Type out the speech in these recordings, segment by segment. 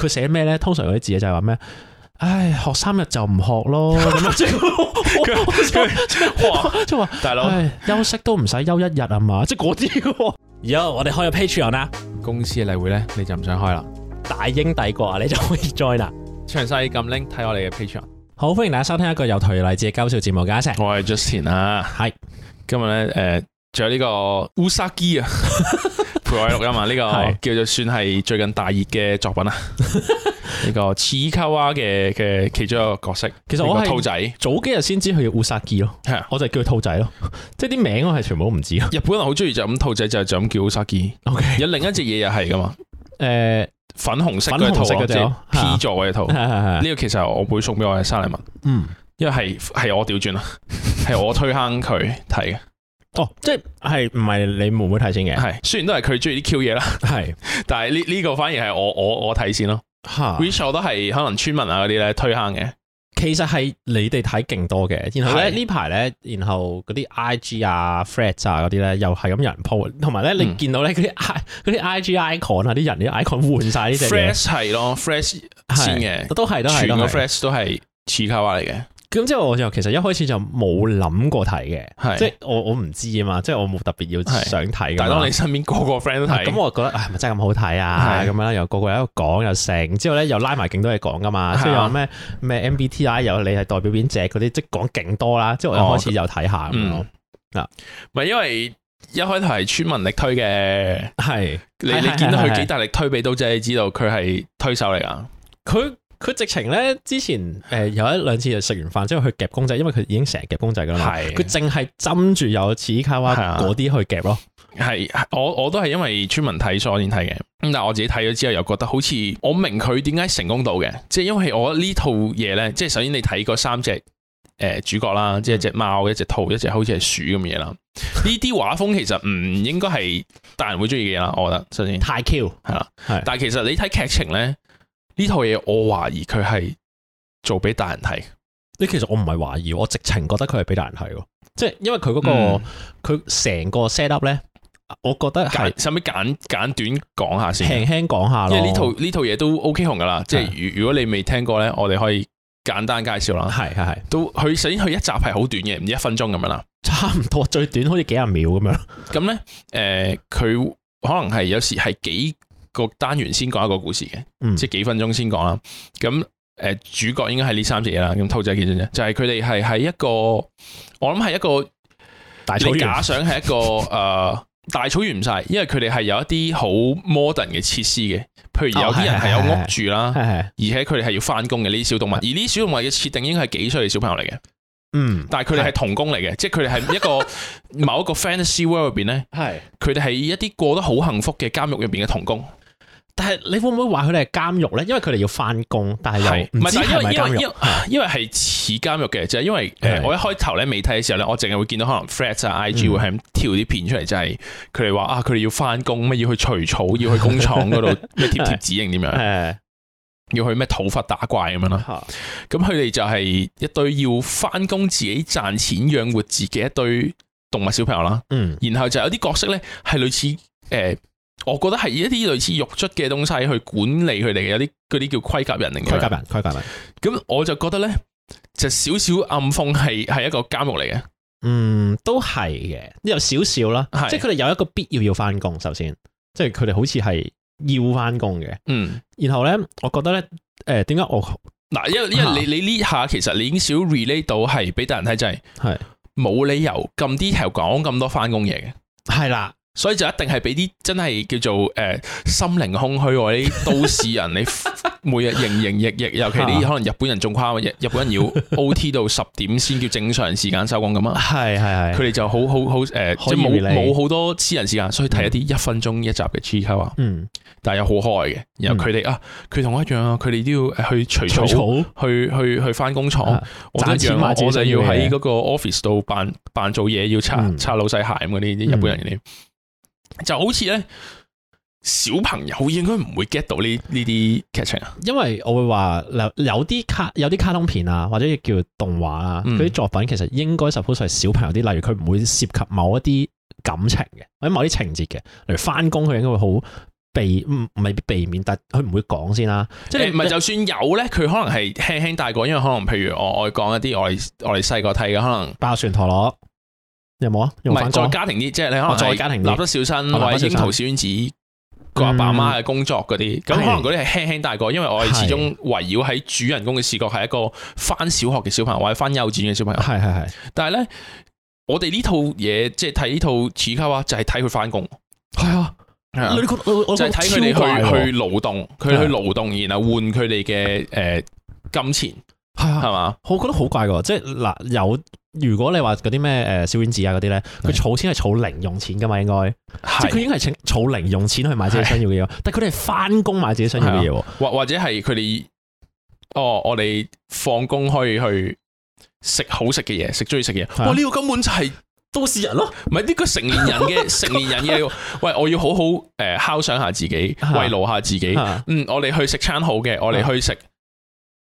佢寫咩咧？通常嗰啲字就係話咩？唉，學三日就唔學咯。咁樣即係話，即係話，大佬休息都唔使休一日啊嘛！即係嗰啲。而家我哋開個 Patreon 啦，公司嘅例會咧，你就唔想開啦。大英帝國啊，你就可以 join 啦。詳細撳 link 睇我哋嘅 Patreon。好，歡迎大家收聽一個由台麗姐搞笑節目，加一齊。我係 Justin 啊，係今日咧，誒，着呢個烏薩奇啊。裴愛祿啊嘛，呢個叫做算係最近大熱嘅作品啊，呢個切卡蛙嘅嘅其中一個角色，其實我係兔仔，早幾日先知佢叫烏沙基咯。係啊，我就叫兔仔咯，即係啲名我係全部唔知咯。日本人好中意就咁兔仔就就咁叫烏沙基，有另一隻嘢，又係噶嘛，誒，粉紅色嘅兔，P 座嘅兔，呢個其實我會送俾我嘅沙利文，嗯，因為係係我調轉啊，係我推坑佢睇嘅。哦，即係唔係你妹妹睇先嘅，係雖然都係佢中意啲 Q 嘢啦，係是，但係呢呢個反而係我我我睇先咯，吓，which 哈、er、都係可能村民啊嗰啲咧推坑嘅，其實係你哋睇勁多嘅，然後咧呢排咧是，然後嗰啲 I G 啊 Threads 啊嗰啲咧又係咁有人 po 同埋咧你見到咧嗰啲 I 啲 I G icon 啊啲人啲 icon 換晒呢啲嘢，Threads 係咯，Threads 先嘅，都係都係全 Threads 都係次卡娃嚟嘅。都咁之後我就其實一開始就冇諗過睇嘅，即係我我唔知啊嘛，即係我冇特別要想睇。但係當你身邊個個 friend 都睇，咁我覺得唔咪真係咁好睇啊，咁樣又個個喺度講又成，之後咧又拉埋勁多嘢講噶嘛，即係又咩咩 MBTI 有你係代表邊隻嗰啲，即係講勁多啦。之後我一開始就睇下咁咯。嗱，係因為一開頭係村民力推嘅，係你你見到佢幾大力推畀到，你知道佢係推手嚟噶，佢。佢直情咧之前誒有一兩次就食完飯之後去夾公仔，因為佢已經成日夾公仔噶啦，佢淨係針住有似卡哇啲去夾咯。係我我都係因為村民睇所以先睇嘅，咁但係我自己睇咗之後又覺得好似我明佢點解成功到嘅，即係因為我呢套嘢咧，即係首先你睇嗰三隻誒、呃、主角啦，即係隻貓、一隻兔、一隻，一隻好似係鼠咁嘢啦。呢啲 畫風其實唔應該係大人會中意嘅嘢啦，我覺得首先太 Q 係啦，係，但係其實你睇劇情咧。呢套嘢我懷疑佢係做俾大人睇。你其實我唔係懷疑，我直情覺得佢係俾大人睇咯。即係因為佢嗰、嗰個佢成、嗯、個 set up 咧，我覺得係。使唔使簡簡，簡短講下先？輕輕講下咯。即係呢套呢套嘢都 OK 紅噶啦。的即係如如果你未聽過咧，我哋可以簡單介紹啦。係係係，都佢首先佢一集係好短嘅，唔知一分鐘咁樣啦。差唔多，最短好似幾十秒咁樣。咁咧， 誒、呃，佢可能係有時係幾。個單元先講一個故事嘅，嗯、即係幾分鐘先講啦。咁誒、呃，主角應該係呢三隻嘢啦。咁兔仔幾真啫？就係佢哋係喺一個，我諗係一個大草原假想係一個誒大草原唔晒、呃，因為佢哋係有一啲好 modern 嘅設施嘅，譬如有啲人係有屋住啦，哦、是是是是而且佢哋係要翻工嘅呢啲小動物，而呢啲小動物嘅設定應該係幾歲嘅小朋友嚟嘅。嗯，但係佢哋係童工嚟嘅，是的 即係佢哋係一個 某一個 fantasy world 入邊咧，係佢哋係一啲過得好幸福嘅監獄入邊嘅童工。但係你會唔會話佢哋係監獄咧？因為佢哋要翻工，但係又唔係因為因為因為係似監獄嘅，就係因為誒的我一開頭咧未睇嘅時候咧，我淨係會見到可能 Frat 啊 IG 會係咁跳啲片出嚟，嗯、就係佢哋話啊，佢哋要翻工，咩要去除草，要去工廠嗰度咩貼貼指令點樣，要去咩土法打怪咁樣咯。咁佢哋就係一堆要翻工自己賺錢養活自己一堆動物小朋友啦。嗯，然後就有啲角色咧係類似誒。呃呃我覺得係一啲類似獄卒嘅東西去管理佢哋嘅，有啲啲叫規格人嚟嘅。規格人，規格人。咁我就覺得咧，就少、是、少暗諷係係一個監獄嚟嘅。嗯，都係嘅，有少少啦。是即係佢哋有一個必要要翻工，首先，即係佢哋好似係要翻工嘅。嗯，然後咧，我覺得咧，誒、呃，點解我嗱，因為因為你你呢下其實你已經少 relate 到係俾大人睇就，係冇是是理由咁 detail 講咁多翻工嘢嘅，係啦。所以就一定係俾啲真係叫做誒心靈空虛或者都市人，你每日營營役役，尤其啲可能日本人仲誇張，日本人要 O T 到十點先叫正常時間收工咁啊！係係係，佢哋就好好好誒，即冇冇好多私人時間，所以睇一啲一分鐘一集嘅 G K 啊。嗯，但係又好開嘅。然後佢哋啊，佢同我一樣啊，佢哋都要去除草，去去去返工廠。我就要我就要喺嗰個 office 度扮扮做嘢，要擦擦老細鞋咁嗰啲啲日本人啲。就好似咧，小朋友應該唔會 get 到呢呢啲劇情啊。因為我會話有有啲卡有啲卡通片啊，或者叫動畫啊，嗰啲、嗯、作品其實應該 suppose 係小朋友啲。例如佢唔會涉及某一啲感情嘅或者某啲情節嘅。例如返工佢應該會好避唔唔係避免，但佢唔會講先啦，啊。即係唔係就算有咧，佢可能係輕輕帶過，因為可能譬如我愛講一啲我我哋細個睇嘅，可能爆旋陀螺。有冇啊？唔係再家庭啲，即係你可能再家庭立得小新或者櫻桃小丸子個阿爸阿媽嘅工作嗰啲，咁可能嗰啲係輕輕大個，因為我哋始終圍繞喺主人公嘅視角，係一個翻小學嘅小朋友或者翻幼稚園嘅小朋友。係係係，但係咧，我哋呢套嘢，即係睇呢套《切依卡蛙》，就係睇佢翻工。係啊，你覺得就睇佢哋去去勞動，佢去勞動，然後換佢哋嘅誒金錢，係啊，係嘛？我覺得好怪噶，即係嗱有。如果你話嗰啲咩誒小丸子啊嗰啲咧，佢儲錢係儲零用錢噶嘛？應該即係佢應該係儲儲零用錢去買自己想要嘅嘢，但係佢哋係翻工買自己想要嘅嘢，或或者係佢哋，哦，我哋放工可以去食好食嘅嘢，食中意食嘅嘢。哇！呢個根本就係都市人咯，唔係呢個成年人嘅成年人嘅。喂，我要好好誒犒賞下自己，慰勞下自己。嗯，我哋去食餐好嘅，我哋去食。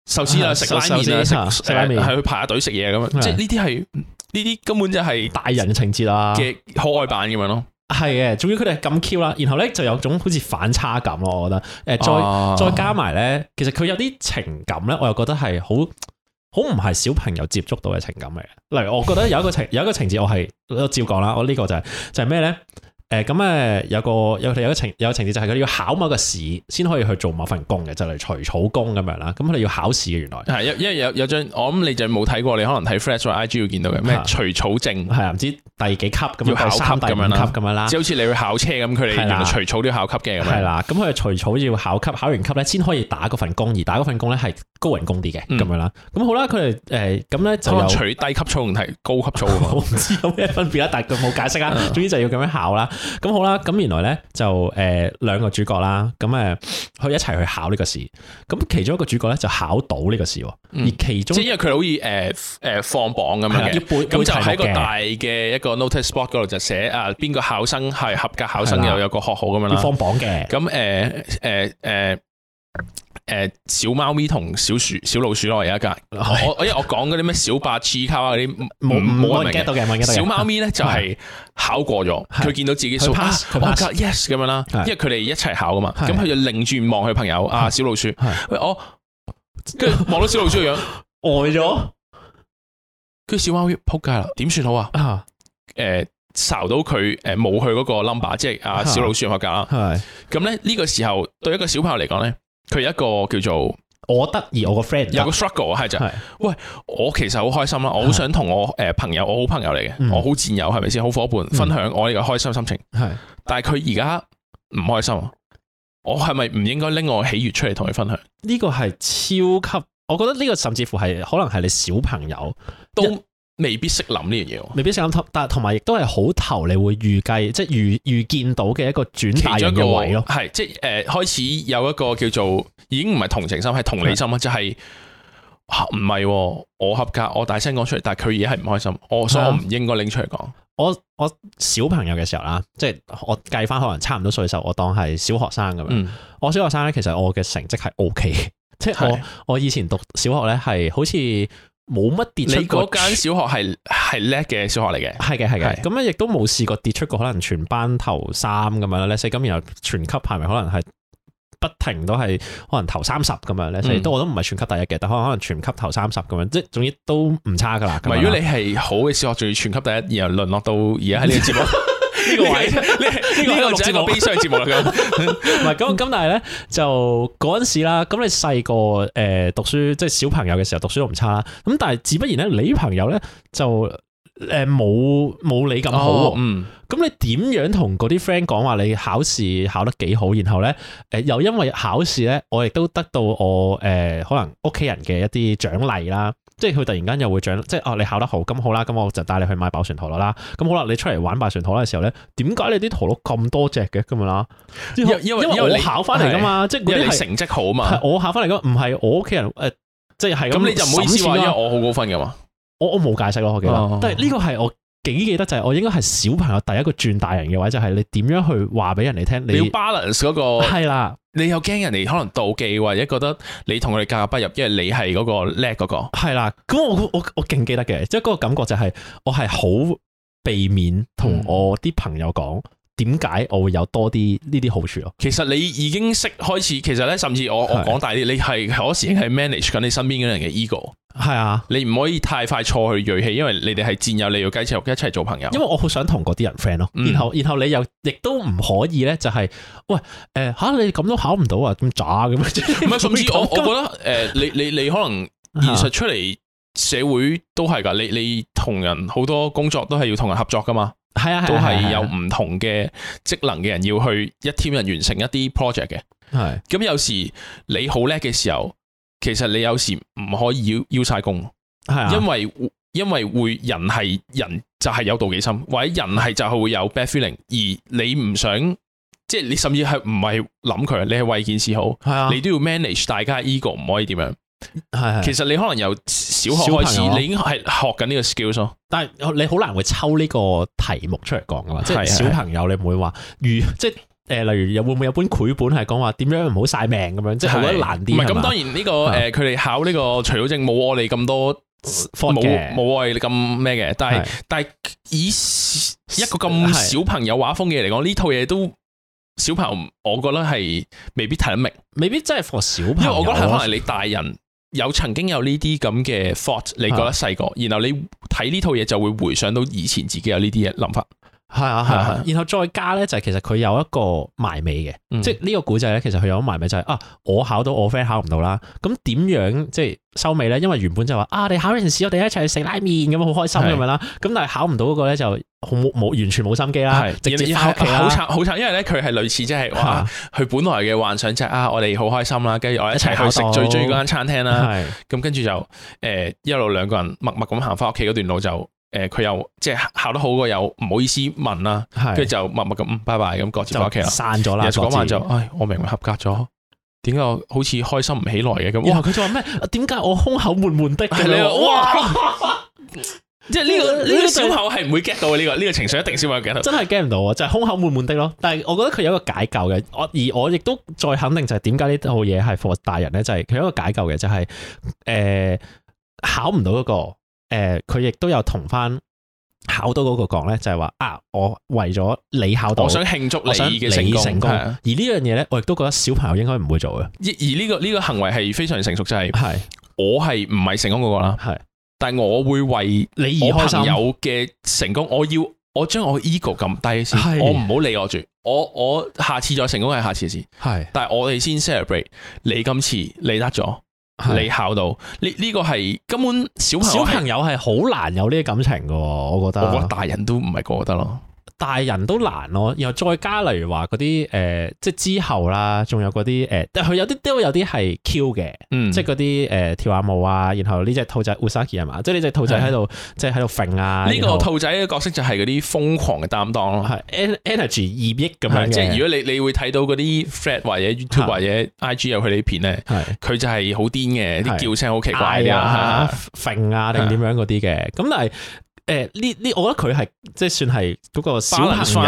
壽司啦、啊，食拉麵食拉麵係去排隊食嘢咁樣，即係呢啲係呢啲根本就係大人嘅情節啦嘅可愛版咁樣咯。係嘅，仲要佢哋咁 Q 啦，然後咧就有種好似反差感咯。我覺得，誒，再、啊、再加埋咧，其實佢有啲情感咧，我又覺得係好好唔係小朋友接觸到嘅情感嚟嘅。例如，我覺得有一個情 有一個情節，我係我照講啦，我呢個就係、是、就係咩咧？誒，咁，誒有個有有個情有個情節就係佢要考某個試先可以去做某份工嘅，就嚟除草工咁樣啦。咁佢哋要考試嘅原來。係，因因為有有，有張我諗你就冇睇過，你可能睇 Facebook、IG 要見到嘅咩除草證係，啊，唔知第幾級咁係三、第四級咁樣啦。即好似你去考車咁，佢哋除草都要考級嘅係啦。咁佢哋除草要考級，考完級咧先可以打嗰份工，而打嗰份工咧係高人工啲嘅咁樣啦。咁好啦，佢哋誒咁咧就有除低級草同提高級草 我唔知有咩分別啊，但係佢冇解釋啊。 總之就要咁樣考啦。咁好啦，咁原來咧就誒兩、呃、個主角啦，咁誒去一齊去考呢個試，咁其中一個主角咧就考到呢個試，嗯、而其中即係因為佢好似誒誒放榜咁樣，咁就喺個大嘅一個，個 notice board 嗰度就寫啊邊個考生係合格考生又的有個學號咁樣啦，要放榜嘅，咁誒誒誒。呃呃呃呃誒，小貓咪同小鼠，小老鼠咯，而家我因為我講嗰啲咩小八刺卡啊嗰啲冇冇人 get 到嘅，小貓咪咧就係考過咗，佢見到自己 pass，yes 咁樣啦，因為佢哋一齊考噶嘛，咁佢就擰轉望佢朋友啊，小老鼠，喂我，跟望到小老鼠嘅樣呆咗，佢小貓咪仆街啦，點算好啊？誒，查到佢誒冇去嗰個 number，即係啊小老鼠合格啦，咁咧呢個時候對一個小朋友嚟講咧。佢一個叫做我得意、就是，我個 friend 有個 struggle 係就係，喂，我其實好開心啦，我好想同我誒朋友，是我好朋友嚟嘅，我好戰友係咪先，好夥伴、嗯、分享我呢個開心心情。係是，但係佢而家唔開心，我係咪唔應該拎我喜悦出嚟同佢分享？呢個係超級，我覺得呢個甚至乎係可能係你小朋友都。未必識諗呢樣嘢，未必識諗，但係同埋亦都係好頭你會預計即係預預見到嘅一個轉大人嘅位咯，啊，係即係誒、呃、開始有一個叫做已經唔係同情心，係同理心的、就係、啊，就係唔係我合格，我大聲講出嚟，但係佢而家係唔開心，我所以我唔應該拎出嚟講。我我小朋友嘅時候啦，即係我計翻可能差唔多歲數我當係小學生咁樣。嗯、我小學生咧，其實我嘅成績係 OK，即係我我以前讀小學咧係好似。冇乜跌出，你嗰間小學係係叻嘅小學嚟嘅，係嘅，係嘅。咁咧亦都冇試過跌出過，可能全班頭三咁樣咧，所以咁然後全級排名可能係不停都係可能頭三十咁樣咧，所以都我都唔係全級第一嘅，但係可能全級頭三十咁樣，即係總之都唔差噶啦。唔、嗯、樣如果你係好嘅小學，仲要全級第一，然後淪落到而家喺呢個節目。 呢個位呢個呢個呢個節目悲傷節目啦咁，唔係咁咁，但係咧就嗰陣時啦，咁你細個誒讀書即係、就是、小朋友嘅時候讀書都唔差啦，咁但係自不然咧，你朋友咧就誒冇冇你咁好。哦，嗯，咁你點樣同嗰啲 friend 講話？你考試考得幾好，然後咧誒又因為考試咧，我亦都得到我誒可能屋企人嘅一啲獎勵啦。即係佢突然間又會漲，即係哦，你考得好，咁好啦，咁我就帶你去買爆旋陀螺啦。咁好啦，你出嚟玩爆旋陀螺嘅時候咧，點解你啲陀螺咁多隻嘅咁樣啦？因為因為我考翻嚟噶嘛，即係你成績好啊嘛。我考翻嚟噶，唔係我屋企人誒、呃，即係係咁。你就唔好意思話，因為我好高分噶嘛。我我冇解釋咯、啊，我記得、啊。但係呢個係我。記記得就係我應該係小朋友第一個轉大人嘅話，就係、是、你點樣去話俾人哋聽，你要 balance 嗰個係啦，你又驚人哋可能妒忌，或者覺得你同佢哋格格不入，因為你係嗰個叻嗰、嗰個係啦。咁我我我勁記得嘅，即係嗰個感覺就係我係好避免同我啲朋友講、嗯。點解我會有多啲呢啲好處咯？其實你已經識開始，其實咧，甚至我是的 我講大啲，你係可是的 時係 manage 緊你身邊嘅人嘅 ego。係啊，你唔可以太快錯去銳氣，因為你哋係戰友，你要雞翅肉一齊做朋友。因為我想好想同嗰啲人 friend 咯，然後、嗯、然後你又亦都唔可以咧、就是，就係喂誒吓、呃啊，你咁都考唔到啊，咁渣咁。唔係，甚至我我覺得誒、呃，你你你可能現實出嚟社會都係噶，你你同人好多工作都係要同人合作噶嘛。係啊， 都係有唔同嘅職能嘅人要去一 team 人完成一啲 project 嘅。係，咁有時你好叻嘅時候，其實你有時唔可以要要晒工，係啊，因為因為會人係人就係有妒忌心，或者人係就係會有 bad feeling，而你唔想，即係你甚至係唔係諗佢，你係為件事好，係啊，你都要 manage 大家嘅 ego，唔可以點樣。係，其實你可能由小學開始，你已經係學緊呢個 skills 咯。但係你好難會抽呢個題目出嚟講噶嘛？即係小朋友，你唔會話如即係誒，例如有會唔會有本繪本係講話點樣唔好晒命咁樣？即係我覺得難啲。咁，當然呢個誒，佢哋考呢個除咗正冇我哋咁多，冇冇我哋咁咩嘅。但係但係以一個咁小朋友畫風嘅嚟講，呢套嘢都小朋友，我覺得係未必睇得明，未必真係 for 小朋友。因為我覺得可能你大人。有曾經有呢啲咁嘅 thought，你覺得細個，然後你睇呢套嘢就會回想到以前自己有呢啲嘢諗法。係啊，係啊，然後再加咧，就其實佢有一個埋尾嘅，即係呢個古仔咧，其實佢有埋尾就係啊，我考到我 friend 考唔到啦，咁點樣即係收尾咧？因為原本就話啊，你考完試，我哋一齊去食拉麵咁樣好開心咁樣啦，咁但係考唔到嗰個咧就冇冇，完全冇心機啦，直接考好慘好慘，因為咧佢係類似，即係話佢本來嘅幻想就係啊，我哋好開心啦，跟住我一齊去食最中意嗰間餐廳啦，咁跟住就誒，一路兩個人默默咁行翻屋企嗰段路就。誒，佢又即係考得好過又唔好意思問啦，跟住就默默咁拜拜咁各自翻屋企啦，散咗啦。嗰晚就，唉，我明明合格咗，點解我好似開心唔起來嘅咁？哇！佢就話咩？點解我胸口悶悶的嘅咧？哇！即係呢個呢啲小朋友係唔會 get 到呢個呢個情緒，一定小朋友 get 唔到，真係 get 唔到啊！就係胸口悶悶的咯。但係我覺得佢有一個解救嘅，我而我亦都再肯定就係點解呢套嘢係 For 大人咧，就係佢有一個解救嘅，就係誒考唔到一個。誒，佢亦都有同翻考到嗰個講咧，就係、是、話啊，我為咗你考到，我想慶祝你嘅成功。而呢樣嘢咧，是的 我亦都覺得小朋友應該唔會做嘅、這個。而呢個呢個行為係非常成熟，就係、是、係我係唔係成功嗰個啦，係，是的 但係我會為你而朋友嘅成功，我要我將我 ego 撳低先，我唔好是的 理我住，我我下次再成功係下次先，係。是的 但係我哋先 celebrate 你今次你得咗。你考到呢？呢、呢個係根本小朋友小朋友，係好難有呢啲感情嘅，我覺得，我覺得大人都唔係覺得咯。大人都難咯，然後再加例如話嗰啲誒，即係之後啦，仲有嗰啲誒，但、呃、佢有啲都有啲係 Q 嘅，嗯、即係嗰啲誒跳下舞啊，然後呢隻兔仔 Uzaki 係嘛，即係呢隻兔仔喺度即係喺度揈啊，呢後個兔仔嘅角色就係嗰啲瘋狂嘅擔當咯，係 energy 二億咁樣，是的 即係如果你你會睇到嗰啲 Thread 或者 YouTube 或者 IG 入去呢片咧，係佢就係好癲嘅，啲叫聲好奇怪啊，揈啊定點樣嗰啲嘅，咁但係。但誒，呢呢、欸，我覺得佢係即係算係嗰個小朋友元素，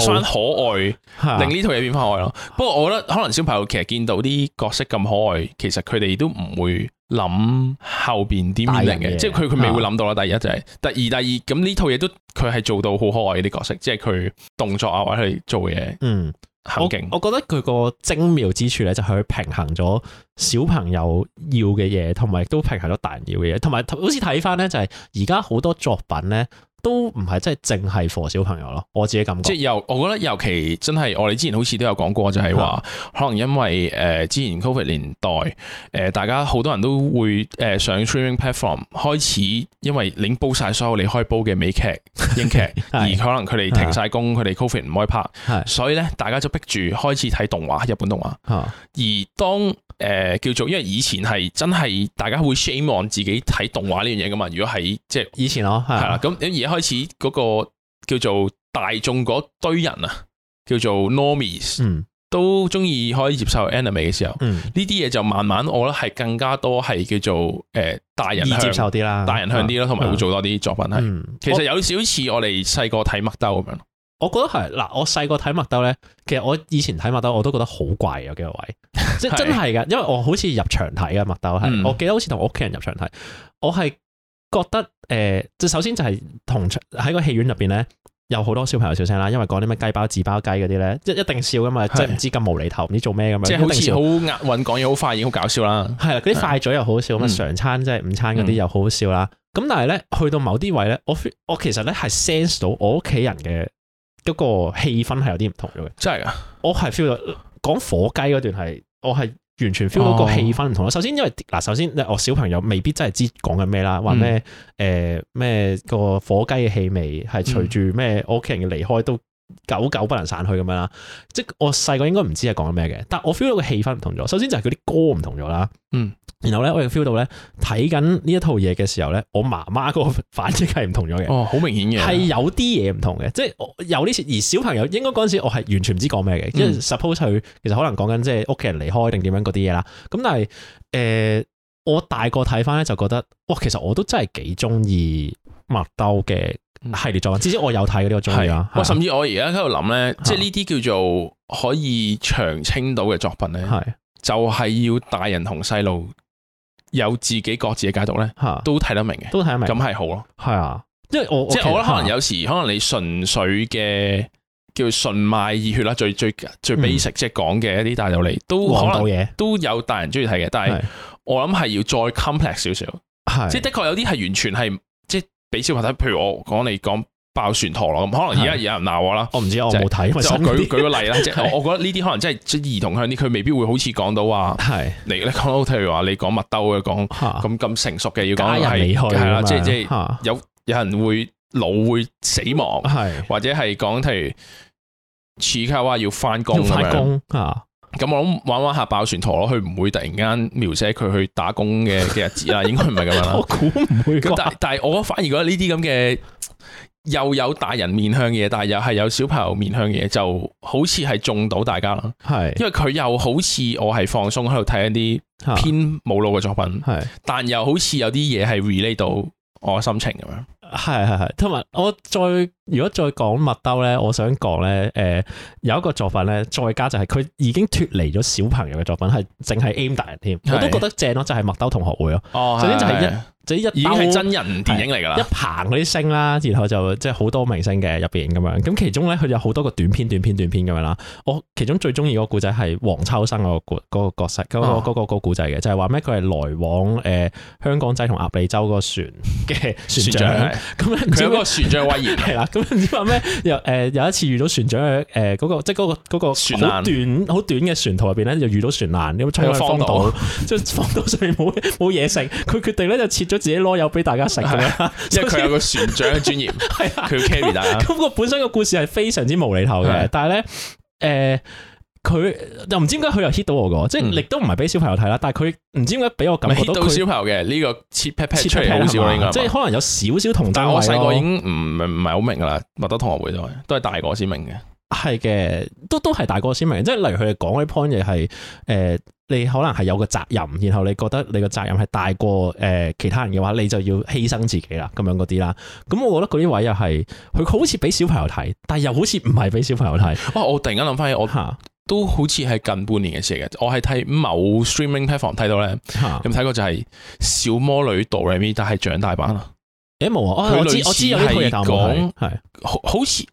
可愛的令呢套嘢，變返可愛咯。的不過我覺得可能小朋友其實見到啲角色咁可愛，其實佢哋都唔會諗後邊點樣嚟嘅，即係佢佢未會諗到啦。的第二就係，第二第二咁呢套嘢都佢係做到好可愛啲，這個，角色，即係佢動作啊或者係做嘢，嗯。好勁！我覺得佢個精妙之處咧，就係佢平衡咗小朋友要嘅嘢，同埋亦都平衡咗大人要嘅嘢，同埋好似睇翻咧，就係而家好多作品咧。都唔係真係淨係 for 小朋友咯，我自己感覺，即係又我覺得尤其真係我哋之前好似都有講過，就係話可能因為誒之前 Covid 年代，誒大家好多人都會誒上 streaming platform 開始，因為拎煲晒所有你開煲嘅美劇、英劇，而可能佢哋停晒工，佢哋 Covid 唔開拍，所以咧大家就逼住開始睇動畫，日本動畫，啊，而當誒叫做，因為以前係真係大家會 shame on 自己睇動畫呢樣嘢噶嘛，如果喺即係以前咯，係啦，咁而家。開始嗰個叫做大眾嗰堆人啊，叫做 normies，、嗯、都中意可以接受 anime 嘅時候，呢啲嘢就慢慢我覺得係更加多係叫做誒大人接受啲啦，大人向啲咯，同埋、嗯、會做多啲作品係。嗯、其實有少似我哋細個睇麥兜咁樣我，我覺得係嗱，我細個睇麥兜咧，其實我以前睇麥兜我都覺得好怪有幾個位，即 係真係嘅，因為我好似入場睇嘅麥兜係，是嗯、我記得好似同我屋企人入場睇，我係。覺得誒，即、呃、首先就係同喺個戲院入邊咧，有好多小朋友笑聲啦，因為講啲咩雞包、紙包雞嗰啲咧，一一定笑㗎嘛，即係唔知咁無厘頭，唔知做咩咁樣。即係好似好押韻講嘢，好、嗯、快，已經好搞笑啦。係啊，嗰啲快嘴又好笑，咁啊、嗯、常餐即係午餐嗰啲又好好笑啦。咁、嗯、但係咧，去到某啲位咧，我我其實咧係 sense 到我屋企人嘅嗰個氣氛係有啲唔同咗嘅。真係的啊！我係 feel 到講火雞嗰段係我係。完全 feel 到個氣氛唔同咯。哦、首先因為嗱，首先我小朋友未必真係知講緊咩啦，話咩誒咩個火雞嘅氣味係隨住咩我屋企人嘅離開都，久久不能散去咁樣啦，即係我細個應該唔知係講緊咩嘅，但係我 feel 到個氣氛唔同咗。首先就係佢啲歌唔同咗啦，嗯，然後咧，我亦 feel 到咧，睇緊呢一套嘢嘅時候咧，我媽媽嗰個反應係唔同咗嘅。哦，好明顯嘅，係有啲嘢唔同嘅，即係有啲次而小朋友應該嗰陣時我係完全唔知講咩嘅，即、嗯、為 suppose 佢其實可能講緊即係屋企人離開定點樣嗰啲嘢啦。咁但係誒、呃、我大個睇翻咧就覺得，哇，其實我都真係幾中意麥兜嘅。系列作品，至少我有睇嗰啲，我中意啊！甚至我而家喺度諗咧，即係呢啲叫做可以長青到嘅作品咧，係就係要大人同細路有自己各自嘅解讀咧，都睇得明嘅，都睇得明，咁係好咯，係啊，因為我即係我覺得，可能有時可能你純粹嘅叫純賣熱血啦，最最最 basic 即係講嘅一啲大道理，但係又嚟都可能都有大人中意睇嘅，但係我諗係要再 complex 少少，係即係的確有啲係完全係。俾小朋友睇，譬如我講你講爆旋陀螺咁，可能而家有人鬧我啦。我唔知，我冇睇。就，是、就舉舉個例啦，即係我我覺得呢啲可能真係即兒童向啲，佢未必會好似講到話係。嚟咧的，講，譬如話你講麥兜嘅講咁咁成熟嘅要講係係啦，即係即係有有人會老會死亡，係的的或者係講，譬如切依卡蛙話要翻工咁樣。咁我諗玩玩下爆旋陀螺，佢唔會突然間描寫佢去打工嘅嘅日子啦， 應該唔係咁樣啦。 我估唔會。但但係我反而覺得呢啲咁嘅又有大人面向嘅嘢，但係又係有小朋友面向嘅嘢，就好似係中到大家啦。係是，因為佢又好似我係放鬆喺度睇一啲偏冇腦嘅作品，係，但又好似有啲嘢係 relate 到我心情咁樣。係係係，同埋我再。如果再講麥兜咧，我想講咧，誒、欸，有一個作品咧，再加就係佢已經脱離咗小朋友嘅作品，係淨係 aim 大人添，的我都覺得正咯，就係、是、麥兜同學會咯。哦，首先就係一，即、就是、一，已經係真人電影嚟噶啦，一棚嗰啲星啦，然後就即係好多明星嘅入邊咁樣。咁其中咧，佢有好多個短片，短片，短片咁樣啦。我其中最中意個故仔係黃秋生個個角色，嗰個嗰個故仔嘅、啊，就係話咩？佢係來往誒、呃、香港仔同鴨脷洲個船嘅船長，咁佢止個船長威嚴係啦。咁唔知話咩？又誒、 嗯嗯、有一次遇到船長嘅誒嗰即係嗰、那個、那個、船好難短好短嘅船途入邊咧，就遇到船難，咁吹開荒島，島就荒島上面冇冇嘢食，佢決定咧就切咗自己羅柚俾大家食嘅，因為佢有個船長嘅專業，佢、 啊、carry 大家。咁、嗯那個本身個故事係非常之無厘頭嘅，啊、但係咧誒。嗯嗯佢又唔知點解佢又 hit 到我個，即係亦都唔係俾小朋友睇啦。但係佢唔知點解俾我感覺到 hit 到小朋友嘅呢個切 pat pat 出嚟好少，即係可能有少少同，但係我細個已經唔唔係好明噶啦，麥德同學會都係都係大個先明嘅。係嘅，都都係大個先明。即係例如佢哋講嗰啲 point 嘢係，誒，你可能係有個責任，然後你覺得你個責任係大過誒其他人嘅話，你就要犧牲自己啦，咁樣嗰啲啦。咁我覺得嗰啲位又係，佢好似俾小朋友睇，但係又好似唔係俾小朋友睇。哇！我突然間諗翻起我都好似係近半年嘅事嘅，我係睇某 streaming platform 睇到咧，咁睇、嗯、過就係小魔女 DoReMi 但係長大版啦，誒冇、嗯欸、啊，我知是說我知有呢套係好好似。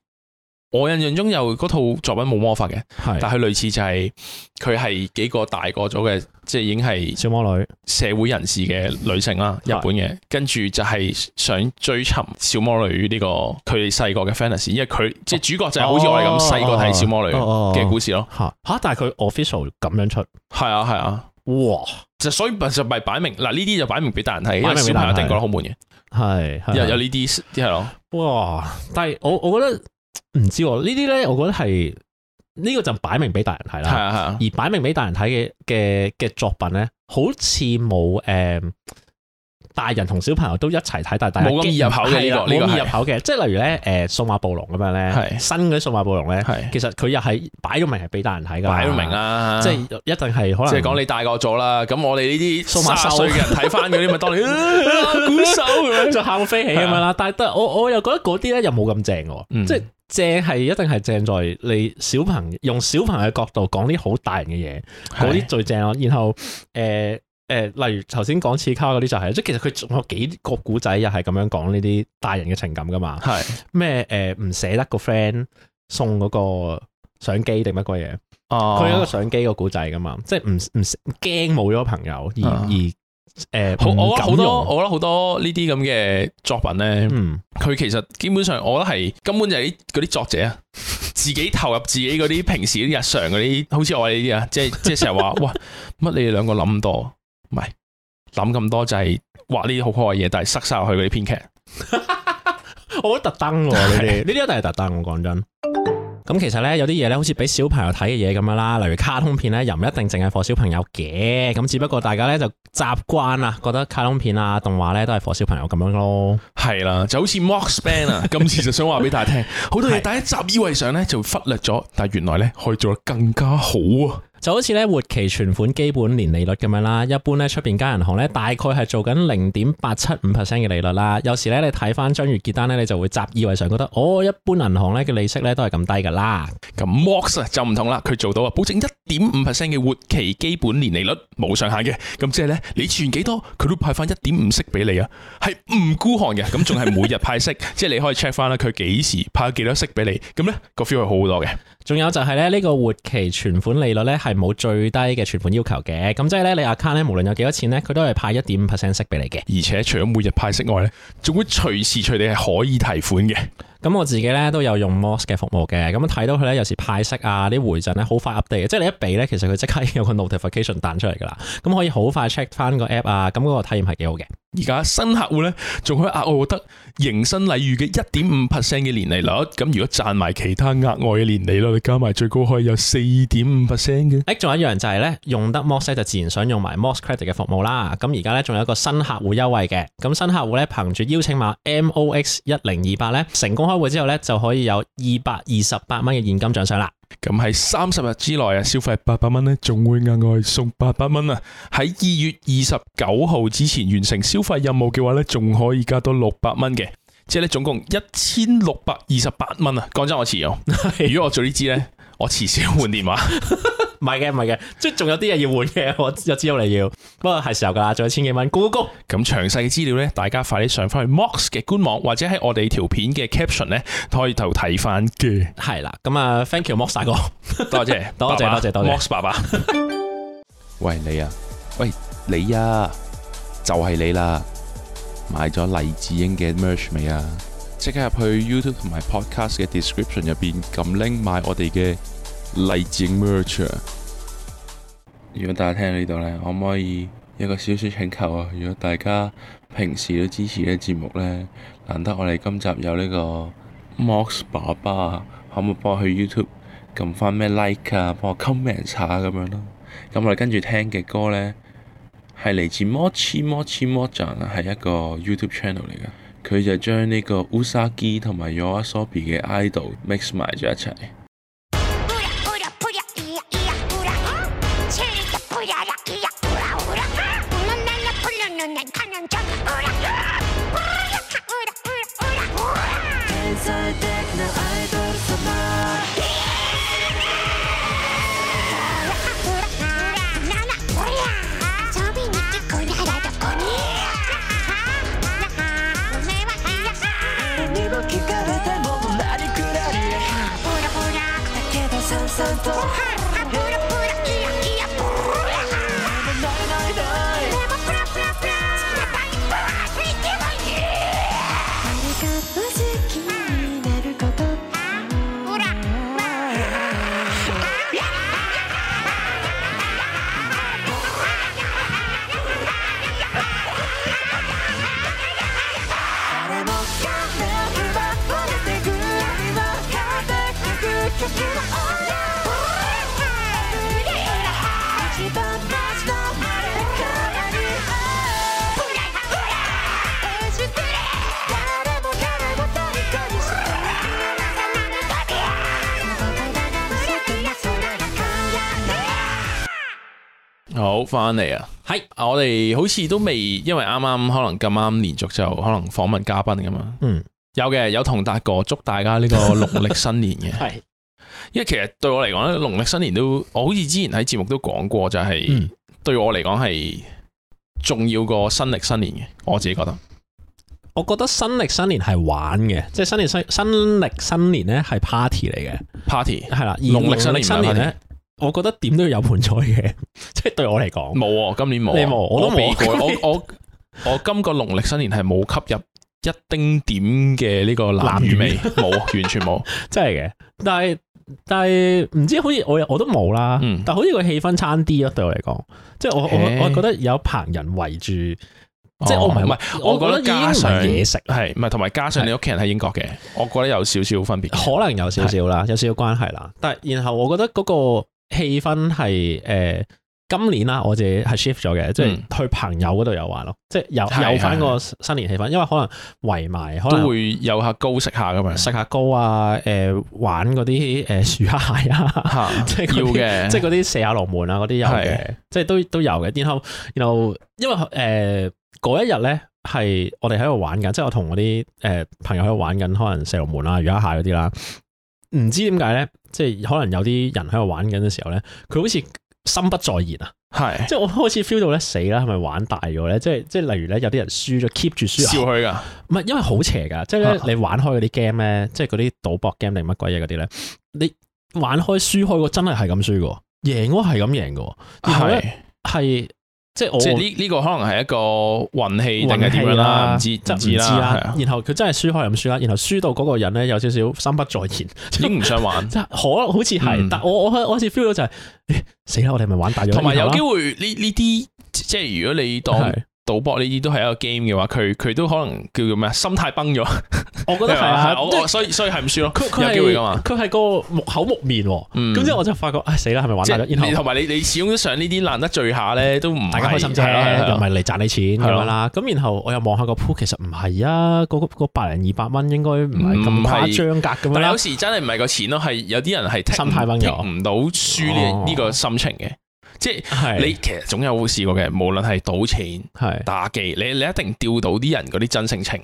我印象中有嗰套作品冇魔法嘅，係是，但係類似就係佢係幾個大個咗嘅，即係已經係小魔女社會人士嘅女性啦，日本嘅，是跟住就係想追尋小魔女呢個佢哋細個嘅 fantasy，因為佢即係主角就係好似我哋咁細個睇小魔女嘅故事咯。吓吓、哦啊啊啊啊啊，但係佢 official 咁樣出，係啊係啊，哇！就所以就咪擺明嗱呢啲就擺明俾大人睇，因為小朋友一定覺得好悶嘅。係有有呢啲啲係咯，哇！但係我我覺得。唔知呢啲咧，我覺得係呢個就擺明俾大人睇啦。係啊，而擺明俾大人睇嘅嘅嘅作品咧，好似冇誒，大人同小朋友都一齊睇，但大家冇咁易入口嘅呢個，冇咁易入口嘅。即係例如咧，誒數碼暴龍咁樣咧，新嗰啲數碼暴龍咧，其實佢又係擺個名係俾大人睇噶，擺個名啦，即係一定係可能即係講你大個咗啦。咁我哋呢啲卅歲嘅人睇翻，嗰啲咪當你古手咁樣就喊飛起咁樣啦。但係但我我又覺得嗰啲咧又冇咁正嘅，即係。正係一定係正在你小朋友用小朋友嘅角度講啲好大人嘅嘢，嗰啲是最正咯。然後誒誒、呃呃，例如頭先講切依卡蛙嗰啲就係、是，即係其實佢仲有幾個故仔又係咁樣講呢啲大人嘅情感噶嘛。係咩誒唔捨得個 friend 送嗰個相機定乜鬼嘢？哦，佢有一個相機個故仔噶嘛，即係唔唔驚冇咗朋友而而。哦誒，我、呃、我覺得好多，嗯、我覺得好多呢啲咁嘅作品咧，佢其實基本上，我覺得係根本就係嗰啲作者啊，自己投入自己嗰啲平時啲日常嗰啲，好似我哋呢啲啊，即係即係成日話，哇乜你哋兩個諗咁多，唔係諗咁多就係畫呢啲好可愛嘢，但係塞晒落去嗰啲編劇，我覺得特登喎，呢啲呢啲一定係特登，我講真。咁其實咧，有啲嘢咧，好似俾小朋友睇嘅嘢咁樣啦，例如卡通片咧，又唔一定淨係俾小朋友嘅。咁只不過大家咧就習慣啊，覺得卡通片啊、動畫咧都係俾小朋友咁樣咯。係啦，就好似 Mox Bank 啊， 今次就想話俾大家聽，好 多嘢第對 一集以為上咧就忽略咗，但原來咧可以做得更加好啊！就好似咧活期存款基本年利率咁樣啦，一般咧出邊間銀行咧大概係做緊零點八七五 percent 嘅利率啦。有時咧你睇翻張月結單咧，你就會習以為常，覺得哦一般銀行咧嘅利息咧都係咁低噶啦。咁 Mox 就唔同啦，佢做到啊保證一點五 percent 嘅活期基本年利率冇上限嘅。咁即係咧你存幾多佢都派翻一點五息俾你啊，係唔孤寒嘅。咁仲係每日派息， 即係你可以 check 翻啦，佢幾時派幾多息俾你。咁、那、咧個 feel 係好好多嘅。仲有就係咧，呢個活期存款利率咧係冇最低嘅存款要求嘅，咁即係咧你 account 咧無論有幾多錢咧，佢都係派一點五 percent 息俾你嘅，而且除咗每日派息外咧，仲會隨時隨地係可以提款嘅。咁我自己咧都有用 Mox 嘅服務嘅，咁睇到佢咧有時派息啊啲回贈咧好快 update 嘅，即係你一俾咧其實佢即刻有個 notification 彈出嚟噶啦，咁可以好快 check 翻個 app 啊，咁、那、嗰個體驗係幾好嘅。而家新客戶咧，仲可以額外獲得迎新禮遇嘅一點五 percent 嘅年利率。咁如果賺埋其他額外嘅年利率，你加埋最高可以有四點五 percent 嘅。誒，仲有一樣就係咧，用得 Mox 就自然想用埋 Mox Credit 嘅服務啦。咁而家咧仲有一個新客戶優惠嘅。咁新客戶咧，憑住邀請碼 M O X 一零二八咧，成功開戶之後咧，就可以有二百二十八蚊嘅現金獎賞啦。咁喺三十日之內啊，消費八百蚊咧，仲會額外送八百蚊啊！喺二月二十九號之前完成消費任務嘅話咧，仲可以加多六百蚊嘅，即係咧總共一千六百二十八蚊啊！講真，我遲咗， 如果我做呢支呢，我遲少換電話。 唔係嘅，唔係嘅，即仲有啲嘢要換嘅，我有資料嚟要。 不過係時候噶，仲有千幾蚊，咕咕咕。咁詳細嘅資料咧，大家快啲上翻去 Mox 嘅官網，或者喺我哋條片嘅 caption 咧，都可以頭睇翻嘅。係啦，咁啊，thank you Mox 大哥，多謝，多謝，多謝，多謝。Mox 爸爸， 喂你啊，喂你啊，就係、是、你啦。買咗黎智英嘅 merch 未啊？即刻入去 YouTube 同埋 Podcast 嘅 description 入邊，撳拎 i 買我哋嘅。嚟整 merch，如果大家聽到呢度呢，可唔可以一個小小請求啊？如果大家平時都支持呢個節目呢，難得我哋今集有呢個 Mox 爸爸，啊，可唔可以幫我去 YouTube 撳翻咩 like 啊？幫我 comment 下咁，啊，樣咯。咁我哋跟住聽嘅歌呢，係嚟自 Mochi Mochi Mocchan，係一個 YouTube channel 嚟嘅。佢就將呢個 Usagi 同埋 YOASOBI 嘅 idol mix 埋咗一齊。好翻嚟啊！係是我哋好似都未，因為啱啱可能咁啱連續就可能訪問嘉賓㗎嘛。嗯，有嘅有同達過，祝大家呢個農曆新年嘅係。 是因為其實對我嚟講咧，農曆新年都我好似之前喺節目都講過，就係、是、對我嚟講係重要過新曆新年嘅。我自己覺得，我覺得新曆新年係玩嘅，即係新年新新曆新年咧係 party 嚟嘅，party 係啦。農曆新年咧。我覺得點都要有盤菜嘅，即係對我嚟講，冇啊，今年冇，你冇，我都冇過。我我我今個農曆新年係冇吸入一丁點嘅呢個南乳味，冇，完全冇，真係嘅。但係但係唔知好似我我都冇啦，但係好似個氣氛差啲咯。對我嚟講，即係我我我覺得有棚人圍住，即係我唔係，我覺得加上嘢食係，唔係同埋加上你屋企人喺英國嘅，我覺得有少少分別，可能有少少啦，有少少關係啦。但係然後我覺得嗰個。氣氛係誒、呃，今年啦，我自己係 shift 咗嘅，即、就、係、是、去朋友嗰度有玩咯，嗯、即係有有翻個新年氣氛，因為可能圍埋，可能有都會有下高食下咁樣，食下高啊，誒、呃，玩嗰啲誒樹下蟹啊，哈即係要嘅的，即係嗰啲射下龍門啊，嗰啲有嘅的 you know,、呃，即係都都有嘅。然後然後因為誒嗰一日咧係我哋喺度玩緊，即係我同嗰啲誒朋友喺度玩緊，可能射龍門啊、魚蝦蟹嗰啲啦。唔知點解咧，即係可能有啲人喺度玩緊嘅時候咧，佢好似心不在焉啊，係是，即係我開始 feel 到咧，死啦，係咪玩大咗咧？即係即係例如咧，有啲人輸咗 keep 住輸，笑佢噶，唔係因為好邪噶，即係咧你玩開嗰啲 game 咧， 即係嗰啲賭博 game 定乜鬼嘢嗰啲咧，你玩開輸開個真係係咁輸個，贏個係咁贏個，係係。的即係呢呢個可能係一個運氣定係點樣啦？唔、啊、知即唔知啦。啊、然後佢真係輸開又唔輸啦。然後輸到嗰個人咧有少少心不在焉，都唔想玩。可 好似係是，嗯、但我我我好似 feel 到就係死啦！我哋係咪玩大咗？同埋有，有機會呢呢啲，即係如果你當，賭博呢啲都係一個 game 嘅話，佢佢都可能叫做咩啊？心態崩咗，我覺得係所以所以係唔輸咯。有機會㗎嘛？佢佢係佢係個木口木面，咁之後我就發覺，唉死啦，係咪玩？即係你同埋你你始終上呢啲難得聚下咧，都唔大家開心啫，又唔係嚟賺你錢咁啦。咁然後我又望下個鋪，其實唔係啊，嗰嗰百零二百蚊應該唔係咁誇張格咁樣啦。但係有時真係唔係個錢咯，係有啲人係心態崩咗，唔到輸呢呢個心情嘅。即係你其實總有試過嘅，無論係賭錢、係是的 打機，你你一定釣到啲人嗰啲真性情。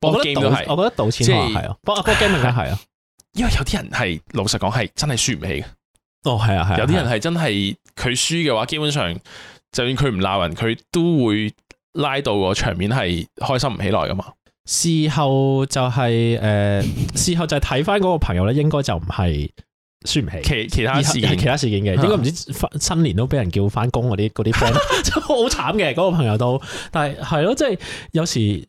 博 game 都係，我覺得賭錢即係，博阿博 game 都係啊。因為有啲人係老實講係真係輸唔起嘅。哦，係啊，有啲人係真係佢輸嘅話，基本上就算佢唔鬧人，佢都會拉到個場面係開心唔起來噶嘛。事後就係、是、誒，呃，事後就係睇翻嗰個朋友咧，應該就唔係。輸唔起，其其他事件，其他事件嘅，應該唔知新年都俾人叫翻工嗰啲嗰啲 friend，好慘嘅，嗰 個朋友都，但係係咯，即係、就是、有時，誒、